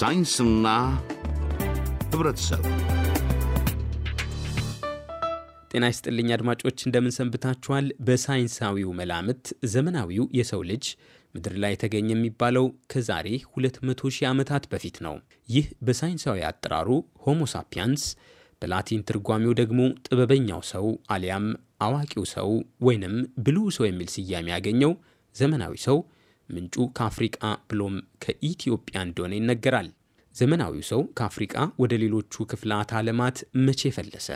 ሳይንስና ህብረተሰብ ጤና ይስጥልኝ አድማጮች፣ እንደምንሰንብታችኋል። በሳይንሳዊው መላምት ዘመናዊው የሰው ልጅ ምድር ላይ የተገኘ የሚባለው ከዛሬ 200 ሺህ ዓመታት በፊት ነው። ይህ በሳይንሳዊ አጠራሩ ሆሞሳፒያንስ በላቲን ትርጓሜው ደግሞ ጥበበኛው ሰው አሊያም አዋቂው ሰው ወይንም ብልህ ሰው የሚል ስያሜ ያገኘው ዘመናዊ ሰው ምንጩ ከአፍሪቃ ብሎም ከኢትዮጵያ እንደሆነ ይነገራል። ዘመናዊው ሰው ከአፍሪቃ ወደ ሌሎቹ ክፍላት ዓለማት መቼ ፈለሰ?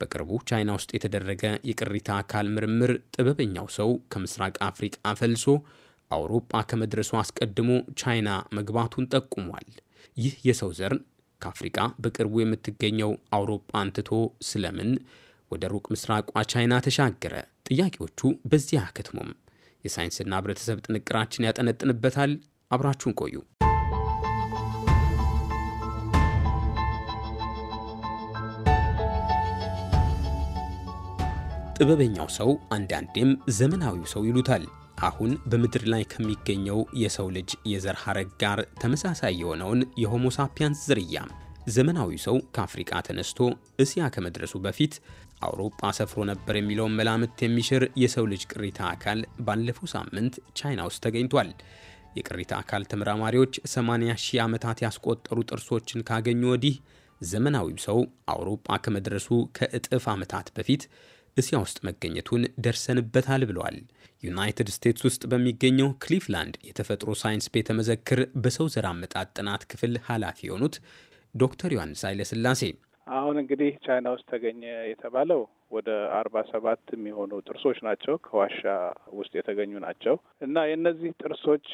በቅርቡ ቻይና ውስጥ የተደረገ የቅሪታ አካል ምርምር ጥበበኛው ሰው ከምስራቅ አፍሪቃ ፈልሶ አውሮጳ ከመድረሱ አስቀድሞ ቻይና መግባቱን ጠቁሟል። ይህ የሰው ዘር ከአፍሪቃ በቅርቡ የምትገኘው አውሮጳን ትቶ ስለምን ወደ ሩቅ ምስራቋ ቻይና ተሻገረ? ጥያቄዎቹ በዚያ አክትሙም። የሳይንስና ህብረተሰብ ጥንቅራችን ያጠነጥንበታል። አብራችሁን ቆዩ። ጥበበኛው ሰው አንዳንዴም ዘመናዊው ሰው ይሉታል። አሁን በምድር ላይ ከሚገኘው የሰው ልጅ የዘር ሐረግ ጋር ተመሳሳይ የሆነውን የሆሞሳፒያንስ ዝርያ ዘመናዊ ሰው ከአፍሪቃ ተነስቶ እስያ ከመድረሱ በፊት አውሮፓ ሰፍሮ ነበር የሚለውን መላምት የሚሽር የሰው ልጅ ቅሪታ አካል ባለፈው ሳምንት ቻይና ውስጥ ተገኝቷል። የቅሪታ አካል ተመራማሪዎች 80 ሺህ ዓመታት ያስቆጠሩ ጥርሶችን ካገኙ ወዲህ ዘመናዊው ሰው አውሮፓ ከመድረሱ ከእጥፍ ዓመታት በፊት እስያ ውስጥ መገኘቱን ደርሰንበታል ብለዋል። ዩናይትድ ስቴትስ ውስጥ በሚገኘው ክሊፍላንድ የተፈጥሮ ሳይንስ ቤተ መዘክር በሰው ዘር አመጣጥ ጥናት ክፍል ኃላፊ የሆኑት ዶክተር ዮሐንስ ስላሴ አሁን እንግዲህ ቻይና ውስጥ ተገኘ የተባለው ወደ አርባ ሰባት የሚሆኑ ጥርሶች ናቸው ከዋሻ ውስጥ የተገኙ ናቸው እና የእነዚህ ጥርሶች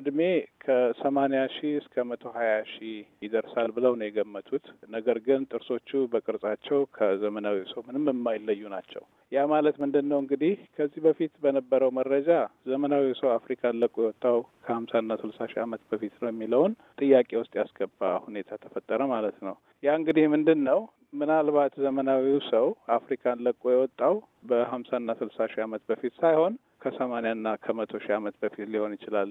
እድሜ ከሰማኒያ ሺህ እስከ መቶ ሀያ ሺህ ይደርሳል ብለው ነው የገመቱት። ነገር ግን ጥርሶቹ በቅርጻቸው ከዘመናዊ ሰው ምንም የማይለዩ ናቸው። ያ ማለት ምንድን ነው እንግዲህ ከዚህ በፊት በነበረው መረጃ ዘመናዊ ሰው አፍሪካን ለቆ የወጣው ከሀምሳና ስልሳ ሺህ ዓመት በፊት ነው የሚለውን ጥያቄ ውስጥ ያስገባ ሁኔታ ተፈጠረ ማለት ነው። ያ እንግዲህ ምንድን ነው ምናልባት ዘመናዊው ሰው አፍሪካን ለቆ የወጣው በሀምሳና ስልሳ ሺህ ዓመት በፊት ሳይሆን ከሰማንያና ከመቶ ሺህ ዓመት በፊት ሊሆን ይችላል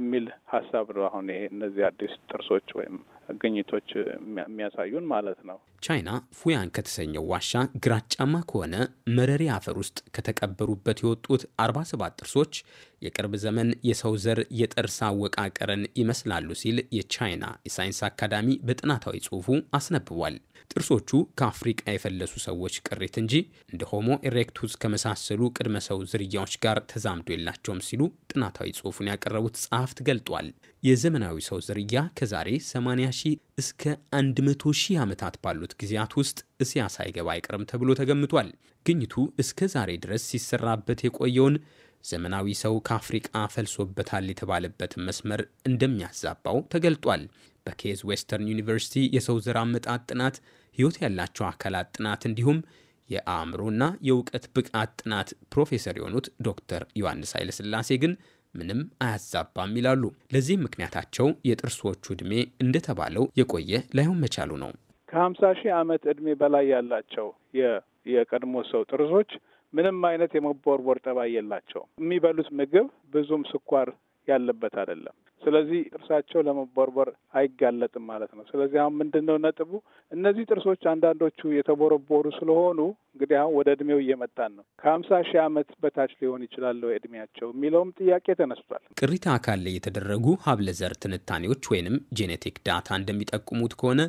የሚል ሀሳብ ነው። አሁን ይሄ እነዚህ አዲስ ጥርሶች ወይም ግኝቶች የሚያሳዩን ማለት ነው። ቻይና ፉያን ከተሰኘው ዋሻ ግራጫማ ከሆነ መረሪ አፈር ውስጥ ከተቀበሩበት የወጡት አርባ ሰባት ጥርሶች የቅርብ ዘመን የሰው ዘር የጥርስ አወቃቀርን ይመስላሉ ሲል የቻይና የሳይንስ አካዳሚ በጥናታዊ ጽሑፉ አስነብቧል። ጥርሶቹ ከአፍሪቃ የፈለሱ ሰዎች ቅሪት እንጂ እንደ ሆሞ ኤሬክቱስ ከመሳሰሉ ቅድመ ሰው ዝርያዎች ጋር ተዛምዶ የላቸውም ሲሉ ጥናታዊ ጽሑፉን ያቀረቡት ጸሐፍት ገልጧል። የዘመናዊ ሰው ዝርያ ከዛሬ 80 ሺህ እስከ 100 ሺህ ዓመታት ባሉት ጊዜያት ውስጥ እስያ ሳይገባ አይቀርም ተብሎ ተገምቷል። ግኝቱ እስከ ዛሬ ድረስ ሲሰራበት የቆየውን ዘመናዊ ሰው ከአፍሪቃ ፈልሶበታል የተባለበትን መስመር እንደሚያዛባው ተገልጧል። በኬዝ ዌስተርን ዩኒቨርሲቲ የሰው ዘር አመጣት ጥናት፣ ሕይወት ያላቸው አካላት ጥናት እንዲሁም የአእምሮና የእውቀት ብቃት ጥናት ፕሮፌሰር የሆኑት ዶክተር ዮሐንስ ኃይለሥላሴ ግን ምንም አያዛባም ይላሉ። ለዚህም ምክንያታቸው የጥርሶቹ ዕድሜ እንደተባለው የቆየ ላይሆን መቻሉ ነው። ከሀምሳ ሺህ ዓመት ዕድሜ በላይ ያላቸው የቀድሞ ሰው ጥርሶች ምንም አይነት የመቦርቦር ጠባይ የላቸውም። የሚበሉት ምግብ ብዙም ስኳር ያለበት አይደለም። ስለዚህ ጥርሳቸው ለመቦርቦር አይጋለጥም ማለት ነው። ስለዚህ አሁን ምንድን ነው ነጥቡ? እነዚህ ጥርሶች አንዳንዶቹ የተቦረቦሩ ስለሆኑ እንግዲህ አሁን ወደ እድሜው እየመጣን ነው። ከሀምሳ ሺህ ዓመት በታች ሊሆን ይችላል እድሜያቸው የሚለውም ጥያቄ ተነስቷል። ቅሪተ አካል ላይ የተደረጉ ሀብለ ዘር ትንታኔዎች ወይንም ጄኔቲክ ዳታ እንደሚጠቁሙት ከሆነ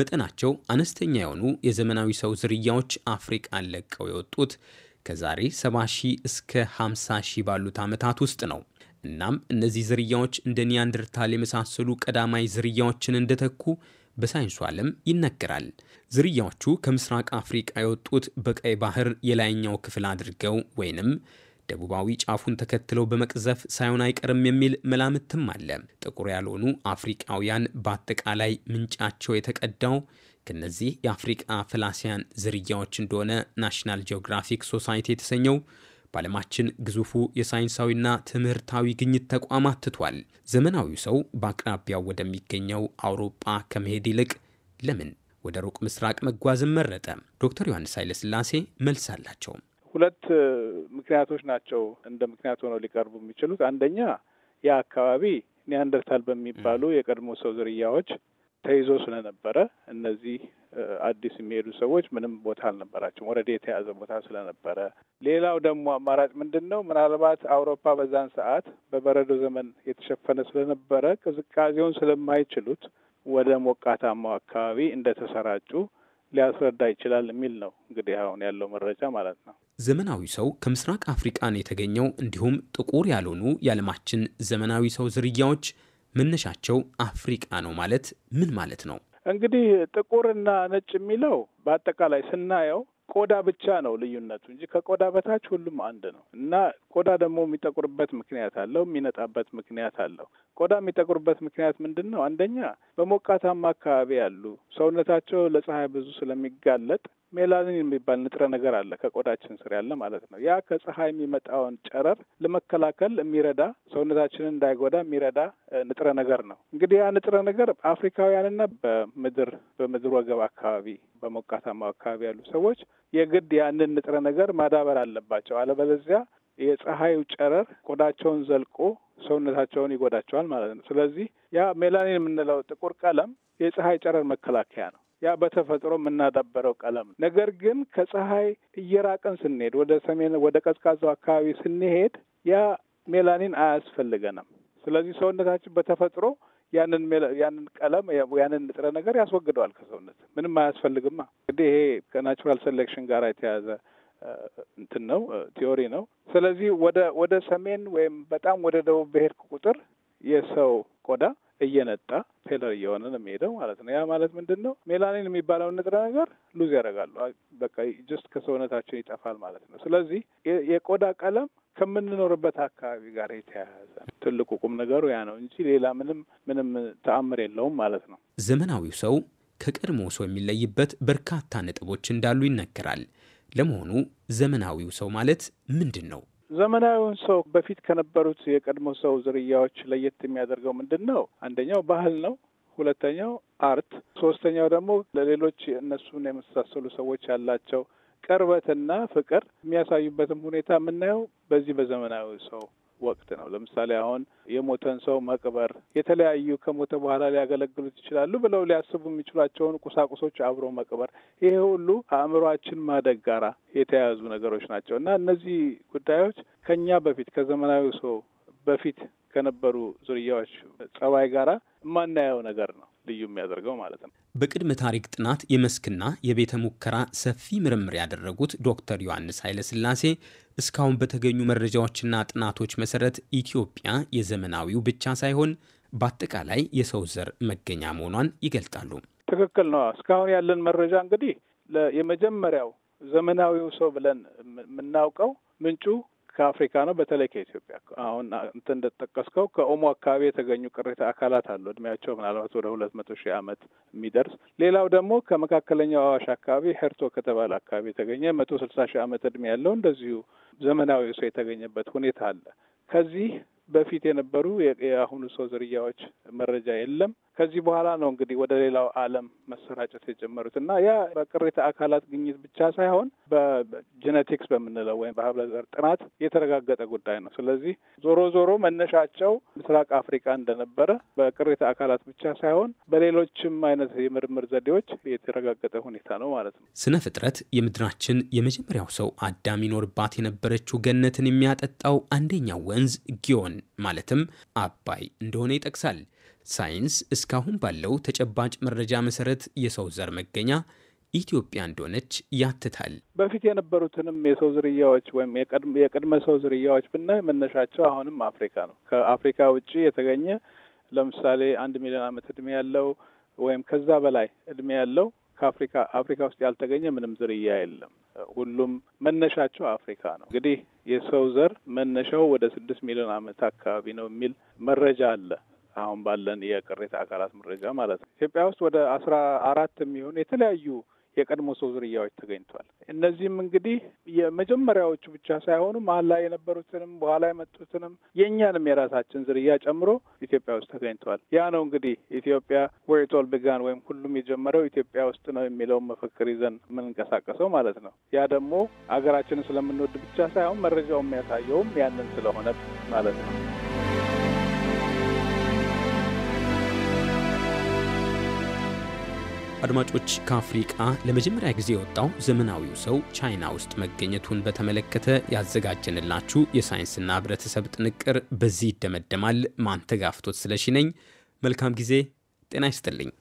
መጠናቸው አነስተኛ የሆኑ የዘመናዊ ሰው ዝርያዎች አፍሪቃን ለቀው የወጡት ከዛሬ 70 ሺህ እስከ 50 ሺህ ባሉት ዓመታት ውስጥ ነው። እናም እነዚህ ዝርያዎች እንደ ኒያንደርታል የመሳሰሉ ቀዳማይ ዝርያዎችን እንደተኩ በሳይንሱ ዓለም ይነገራል። ዝርያዎቹ ከምስራቅ አፍሪቃ የወጡት በቀይ ባህር የላይኛው ክፍል አድርገው ወይንም ደቡባዊ ጫፉን ተከትለው በመቅዘፍ ሳይሆን አይቀርም የሚል መላምትም አለ። ጥቁር ያልሆኑ አፍሪቃውያን በአጠቃላይ ምንጫቸው የተቀዳው ከነዚህ የአፍሪቃ ፈላሲያን ዝርያዎች እንደሆነ ናሽናል ጂኦግራፊክ ሶሳይቲ የተሰኘው በዓለማችን ግዙፉ የሳይንሳዊና ትምህርታዊ ግኝት ተቋም አትቷል። ዘመናዊው ሰው በአቅራቢያው ወደሚገኘው አውሮጳ ከመሄድ ይልቅ ለምን ወደ ሩቅ ምስራቅ መጓዝን መረጠ? ዶክተር ዮሐንስ ኃይለስላሴ መልስ አላቸው። ሁለት ምክንያቶች ናቸው እንደ ምክንያት ሆነው ሊቀርቡ የሚችሉት። አንደኛ ያ አካባቢ ኒያንደርታል በሚባሉ የቀድሞ ሰው ዝርያዎች ተይዞ ስለነበረ እነዚህ አዲስ የሚሄዱ ሰዎች ምንም ቦታ አልነበራቸውም፣ ወረዴ የተያዘ ቦታ ስለነበረ። ሌላው ደግሞ አማራጭ ምንድን ነው? ምናልባት አውሮፓ በዛን ሰዓት በበረዶ ዘመን የተሸፈነ ስለነበረ ቅዝቃዜውን ስለማይችሉት ወደ ሞቃታማው አካባቢ እንደተሰራጩ ሊያስረዳ ይችላል የሚል ነው እንግዲህ አሁን ያለው መረጃ ማለት ነው። ዘመናዊ ሰው ከምስራቅ አፍሪቃን የተገኘው እንዲሁም ጥቁር ያልሆኑ የዓለማችን ዘመናዊ ሰው ዝርያዎች መነሻቸው አፍሪቃ ነው ማለት ምን ማለት ነው? እንግዲህ ጥቁርና ነጭ የሚለው በአጠቃላይ ስናየው ቆዳ ብቻ ነው ልዩነቱ እንጂ ከቆዳ በታች ሁሉም አንድ ነው እና ቆዳ ደግሞ የሚጠቁርበት ምክንያት አለው፣ የሚነጣበት ምክንያት አለው። ቆዳ የሚጠቁርበት ምክንያት ምንድን ነው? አንደኛ በሞቃታማ አካባቢ ያሉ ሰውነታቸው ለፀሐይ ብዙ ስለሚጋለጥ ሜላኒን የሚባል ንጥረ ነገር አለ ከቆዳችን ስር ያለ ማለት ነው። ያ ከፀሐይ የሚመጣውን ጨረር ለመከላከል የሚረዳ ሰውነታችንን እንዳይጎዳ የሚረዳ ንጥረ ነገር ነው። እንግዲህ ያ ንጥረ ነገር አፍሪካውያንና በምድር በምድር ወገብ አካባቢ በሞቃታማው አካባቢ ያሉ ሰዎች የግድ ያንን ንጥረ ነገር ማዳበር አለባቸው። አለበለዚያ የፀሐዩ ጨረር ቆዳቸውን ዘልቆ ሰውነታቸውን ይጎዳቸዋል ማለት ነው። ስለዚህ ያ ሜላኒን የምንለው ጥቁር ቀለም የፀሐይ ጨረር መከላከያ ነው። ያ በተፈጥሮ የምናዳበረው ቀለም ነገር ግን ከፀሐይ እየራቅን ስንሄድ ወደ ሰሜን ወደ ቀዝቃዛው አካባቢ ስንሄድ ያ ሜላኒን አያስፈልገንም። ስለዚህ ሰውነታችን በተፈጥሮ ያንን ያንን ቀለም ያንን ንጥረ ነገር ያስወግደዋል ከሰውነት ምንም አያስፈልግማ። እንግዲህ ይሄ ከናቹራል ሴሌክሽን ጋር የተያዘ እንትን ነው ቲዮሪ ነው። ስለዚህ ወደ ወደ ሰሜን ወይም በጣም ወደ ደቡብ በሄድክ ቁጥር የሰው ቆዳ እየነጣ ፔለር እየሆነ ነው የሚሄደው ማለት ነው። ያ ማለት ምንድን ነው? ሜላኒን የሚባለውን ንጥረ ነገር ሉዝ ያደርጋሉ። በቃ ጀስት ከሰውነታችን ይጠፋል ማለት ነው። ስለዚህ የቆዳ ቀለም ከምንኖርበት አካባቢ ጋር የተያያዘ ትልቁ ቁም ነገሩ ያ ነው እንጂ ሌላ ምንም ምንም ተአምር የለውም ማለት ነው። ዘመናዊው ሰው ከቀድሞ ሰው የሚለይበት በርካታ ነጥቦች እንዳሉ ይነገራል። ለመሆኑ ዘመናዊው ሰው ማለት ምንድን ነው? ዘመናዊውን ሰው በፊት ከነበሩት የቀድሞ ሰው ዝርያዎች ለየት የሚያደርገው ምንድን ነው? አንደኛው ባህል ነው። ሁለተኛው አርት፣ ሶስተኛው ደግሞ ለሌሎች እነሱን የመሳሰሉ ሰዎች ያላቸው ቅርበትና ፍቅር የሚያሳዩበትም ሁኔታ የምናየው በዚህ በዘመናዊ ሰው ወቅት ነው። ለምሳሌ አሁን የሞተን ሰው መቅበር፣ የተለያዩ ከሞተ በኋላ ሊያገለግሉት ይችላሉ ብለው ሊያስቡ የሚችሏቸውን ቁሳቁሶች አብሮ መቅበር፣ ይሄ ሁሉ አእምሯችን ማደግ ጋራ የተያያዙ ነገሮች ናቸው እና እነዚህ ጉዳዮች ከኛ በፊት ከዘመናዊ ሰው በፊት ከነበሩ ዝርያዎች ጸባይ ጋራ የማናየው ነገር ነው ልዩ የሚያደርገው ማለት ነው። በቅድመ ታሪክ ጥናት የመስክና የቤተ ሙከራ ሰፊ ምርምር ያደረጉት ዶክተር ዮሐንስ ኃይለስላሴ እስካሁን በተገኙ መረጃዎችና ጥናቶች መሰረት ኢትዮጵያ የዘመናዊው ብቻ ሳይሆን በአጠቃላይ የሰው ዘር መገኛ መሆኗን ይገልጣሉ። ትክክል ነው። እስካሁን ያለን መረጃ እንግዲህ የመጀመሪያው ዘመናዊው ሰው ብለን የምናውቀው ምንጩ ከአፍሪካ ነው፣ በተለይ ከኢትዮጵያ። አሁን አንተ እንደተጠቀስከው ከኦሞ አካባቢ የተገኙ ቅሬታ አካላት አሉ። እድሜያቸው ምናልባት ወደ ሁለት መቶ ሺህ ዓመት የሚደርስ ሌላው ደግሞ ከመካከለኛው አዋሽ አካባቢ ሄርቶ ከተባለ አካባቢ የተገኘ መቶ ስልሳ ሺህ ዓመት እድሜ ያለው እንደዚሁ ዘመናዊ ሰው የተገኘበት ሁኔታ አለ። ከዚህ በፊት የነበሩ የአሁኑ ሰው ዝርያዎች መረጃ የለም። ከዚህ በኋላ ነው እንግዲህ ወደ ሌላው ዓለም መሰራጨት የጀመሩት እና ያ በቅሪተ አካላት ግኝት ብቻ ሳይሆን በጄኔቲክስ በምንለው ወይም በህብረ ዘር ጥናት የተረጋገጠ ጉዳይ ነው። ስለዚህ ዞሮ ዞሮ መነሻቸው ምስራቅ አፍሪካ እንደነበረ በቅሪተ አካላት ብቻ ሳይሆን በሌሎችም አይነት የምርምር ዘዴዎች የተረጋገጠ ሁኔታ ነው ማለት ነው። ስነ ፍጥረት የምድራችን የመጀመሪያው ሰው አዳም ይኖርባት የነበረችው ገነትን የሚያጠጣው አንደኛው ወንዝ ጊዮን ማለትም አባይ እንደሆነ ይጠቅሳል። ሳይንስ እስካሁን ባለው ተጨባጭ መረጃ መሰረት የሰው ዘር መገኛ ኢትዮጵያ እንደሆነች ያትታል። በፊት የነበሩትንም የሰው ዝርያዎች ወይም የቅድመ ሰው ዝርያዎች ብናይ መነሻቸው አሁንም አፍሪካ ነው። ከአፍሪካ ውጭ የተገኘ ለምሳሌ አንድ ሚሊዮን ዓመት እድሜ ያለው ወይም ከዛ በላይ እድሜ ያለው ከአፍሪካ አፍሪካ ውስጥ ያልተገኘ ምንም ዝርያ የለም። ሁሉም መነሻቸው አፍሪካ ነው። እንግዲህ የሰው ዘር መነሻው ወደ ስድስት ሚሊዮን ዓመት አካባቢ ነው የሚል መረጃ አለ። አሁን ባለን የቅሬታ አካላት መረጃ ማለት ነው። ኢትዮጵያ ውስጥ ወደ አስራ አራት የሚሆኑ የተለያዩ የቀድሞ ሰው ዝርያዎች ተገኝቷል። እነዚህም እንግዲህ የመጀመሪያዎቹ ብቻ ሳይሆኑ መሀል ላይ የነበሩትንም በኋላ የመጡትንም የእኛንም የራሳችን ዝርያ ጨምሮ ኢትዮጵያ ውስጥ ተገኝቷል። ያ ነው እንግዲህ ኢትዮጵያ ወርቶል ብጋን ወይም ሁሉም የጀመረው ኢትዮጵያ ውስጥ ነው የሚለውን መፈክር ይዘን የምንንቀሳቀሰው ማለት ነው። ያ ደግሞ አገራችንን ስለምንወድ ብቻ ሳይሆን መረጃው የሚያሳየውም ያንን ስለሆነ ማለት ነው። አድማጮች ከአፍሪቃ ለመጀመሪያ ጊዜ የወጣው ዘመናዊው ሰው ቻይና ውስጥ መገኘቱን በተመለከተ ያዘጋጀንላችሁ የሳይንስና ህብረተሰብ ጥንቅር በዚህ ይደመደማል። ማንተጋፍቶት ስለሺ ነኝ። መልካም ጊዜ። ጤና ይስጥልኝ።